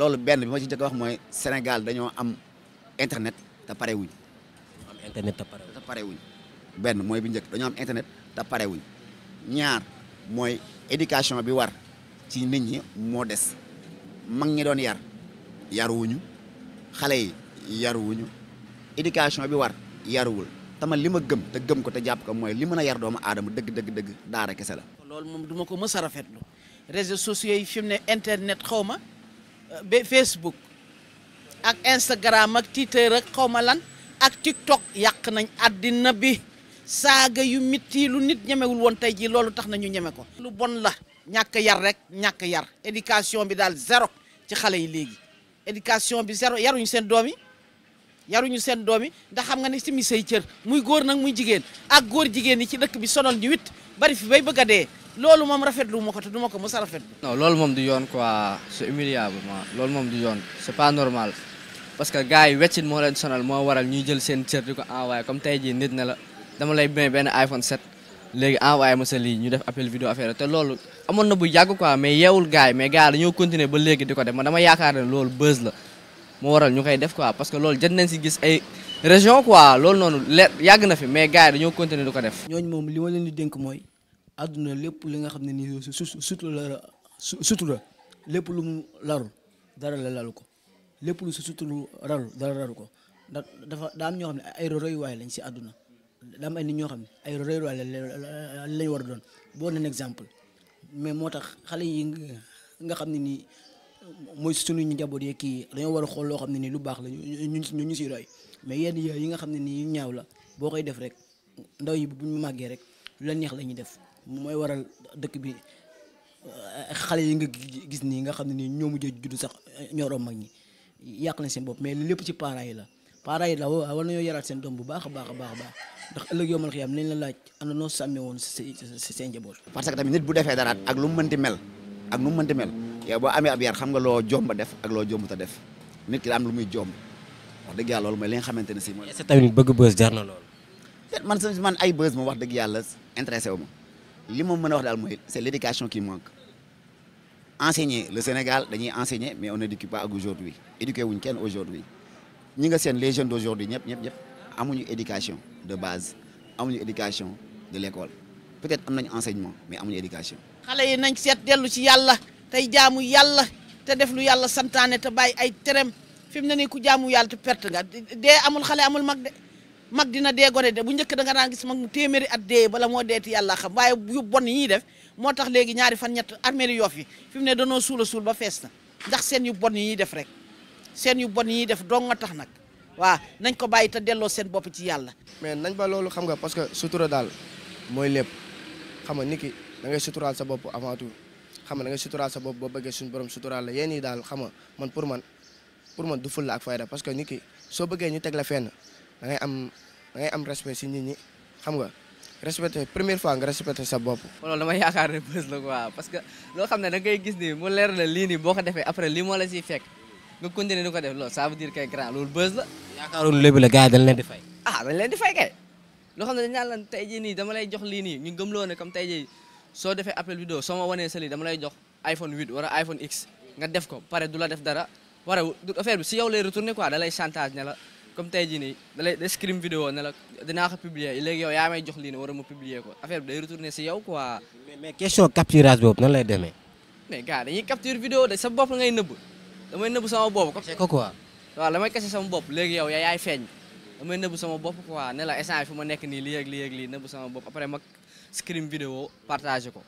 loolu benn bi ma ci njëkk wax mooy Sénégal dañoo am internet te pare wuñ. am internet te pare wuñ benn mooy bi njëkk dañoo am internet te pare ñaar mooy éducation bi war ci nit ñi moo des mag ñi doon yar yaruwuñu xale yi yaruwuñu éducation bi war yaruwul tama li ma gëm te gëm ko te jàpp ko mooy li mën a yar doomu aadama dëgg dëgg dëgg daara kese la. loolu moom duma ko mës a rafetlu réseaux sociaux yi fi ne internet xaw ma Facebook ak Instagram ak Twitter ak xaw ma lan ak TikTok yàq nañ àddina bi saaga yu mitti lu nit ñemewul woon tey jii loolu tax na ñu ñeme ko. lu bon la ñàkk yar rek ñàkk yar éducation bi daal zéro ci xale yi léegi éducation bi zéro yaruñu seen doom yi yaruñu seen doom yi ndax xam nga ni si mi cër muy góor nag muy jigéen ak góor jigéen yi ci dëkk bi sonal ñu wit bari fi bay bëgg dee. loolu moom rafetlu ma ko te du ma ko mos a rafetlu. loolu moom du yoon quoi c'est humiliable ma loolu moom du yoon c'est pas normal parce que gars yi weccit moo leen sonal moo waral ñu jël seen cër di ko envoyé comme tey jii nit ne la dama lay may benn iPhone 7 léegi envoyé ma sa lii ñu def appel vidéo affaire te loolu amoon na bu yàgg quoi mais yeewul gars yi mais gars yi dañoo continuer ba léegi di ko def man dama yaakaar ne loolu buzz la moo waral ñu koy def quoi parce que loolu jot nañ si gis ay région quoi loolu noonu leer yàgg na fi mais gars yi dañoo continuer def. ñooñu moom li ma leen di dénk mooy. àdduna lépp li nga xam ne nii sutura la sutura lépp lu mu laru dara la lalu ko lépp lu su suturu raru dara raru ko ndax dafa daa am ñoo xam ne ay royuwaay lañ si àdduna daa am ay nit ñoo xam ne ay royuwaay lañ war a doon boo nen exemple mais moo tax xale yi nga xam ne nii mooy suñu njaboot yeeg kii dañoo war a xool loo xam ne nii lu baax la ñu ñu si roy mais yenn yi nga xam ne nii ñaaw la boo koy def rek ndaw yi bu ñu màggee rek lu la ñuy def mooy waral dëkk bi eh, xale yi nga gis nii nga xam ne nii ñoo mujjee juddu sax eh, ñooroom mag ñi yàq nañ seen bopp mais lépp ci parents yi la parents yi la war nañoo yaraat seen doom bu baax a baax a baax ndax ëllëg yomal xiyam nañ la laaj ana noo sàmmee woon si si seen njaboot. parce que tamit bu defee dara ak lu mu mënti mel ak nu mu mënti boo amee ab xam nga loo jomba def ak loo jomb ta def nit am lu muy jomb wax dëgg yàlla loolu mooy li nga xamante ne si mooy. est-ce que tamit bëgg bës jar na lool. man man ay bës moom wax dëgg yàlla intéressé wu ma. li ma mën a wax daal mooy c'est l'éducation qui manque enseigner le Sénégal dañuy enseigner mais on n'éduque pas ak aujourd'hui éduquer wuñ kenn aujourd'hui ñi nga seen les jeunes d'aujourd'hui ñëpp ñëpp ñëpp amuñu éducation de base amuñu éducation de l'école peut-être am nañu enseignement mais amuñu éducation xale yi nañ seet dellu ci yàlla tey jaamu yàlla te def lu yàlla santaane te bàyyi ay terem fi mu ne nii ku jaamu yàlla te perte nga dee amul xale amul mag de mag dina dee gone de bu njëkk da nga daan gis mag mu téeméeri at dee bala moo deet yàlla xam waaye yu bon yi ñuy def moo tax léegi ñaari fan ñett arméeri Yoff yi fi mu ne danoo noo suula suul ba fees na ndax seen yu bon yi def rek seen yu bon yi def dong nga tax nag waa nañ ko bàyyi te delloo seen bopp ci yàlla. mais nañ ba loolu xam nga parce que sutura daal mooy lépp xam nga nit ki da ngay suturaal sa bopp avant tout xam nga da suturaal sa bopp boo bëggee suñu borom suturaal la yéen daal xam nga man pour man pour man du ful la ak fayda parce que nit ki soo bëggee ñu teg la fenn da ngay am da ngay am respect si nit ñi xam nga respecté première fois nga respecté sa bopp. loolu dama yaakaar ne bës la quoi parce que loo xam ne da ngay gis ni mu leer la lii nii boo ko defee après lii moo la siy fekk nga continuer di ko def loolu ça veut dire grand loolu la. yaakaaroon lébi la gars yi dañ leen di fay. ah dañ leen di fay kay. loo xam tey jii nii dama lay jox lii nii ñu gëmloo ne comme tey jii soo defee appel vidéo soo ma wanee sa lii lay jox iPhone 8 wala iPhone X nga def ko pare du la def dara wala affaire bi si yow lay retourner quoi da lay chantage ne la. comme tey jii nii da lay screen vidéo ne la dinaa ko publier léegi yow yaa may jox lii ne ma publier ko affaire bi day retourner si yow quoi. mais mais question capturage boobu nan lay demee. mais gars dañuy capture vidéo de sa bopp ngay nëbb damay nëbb sama bopp. kese ko quoi. waaw damay kese sama bopp léegi yow yaay feeñ damay nëbb sama bopp quoi ne la instant fu ma nekk nii lii ak lii ak lii nëbb sama bopp après ma screen vidéo partager ko.